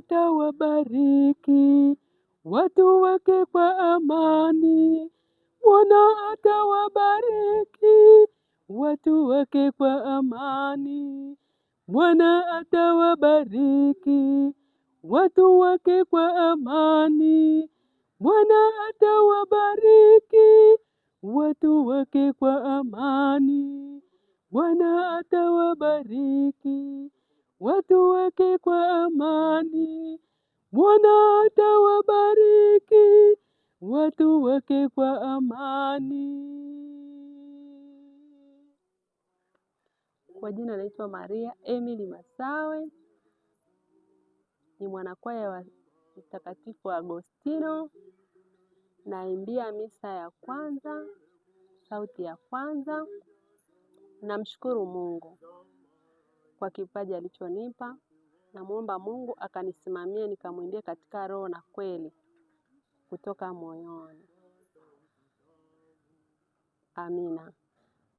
atawabariki watu wake kwa amani. Bwana atawabariki watu wake kwa amani. Bwana atawabariki watu wake kwa amani. Bwana atawabariki watu wake kwa amani. Bwana atawabariki watu wake kwa amani. Bwana atawabariki watu wake kwa amani. Kwa jina naitwa Maria Emily Masawe, ni mwanakwaya wa Mtakatifu wa Agostino. Naimbia misa ya kwanza, sauti ya kwanza. Namshukuru Mungu kwa kipaji alichonipa. Namwomba Mungu akanisimamia nikamwendea katika roho na kweli kutoka moyoni. Amina.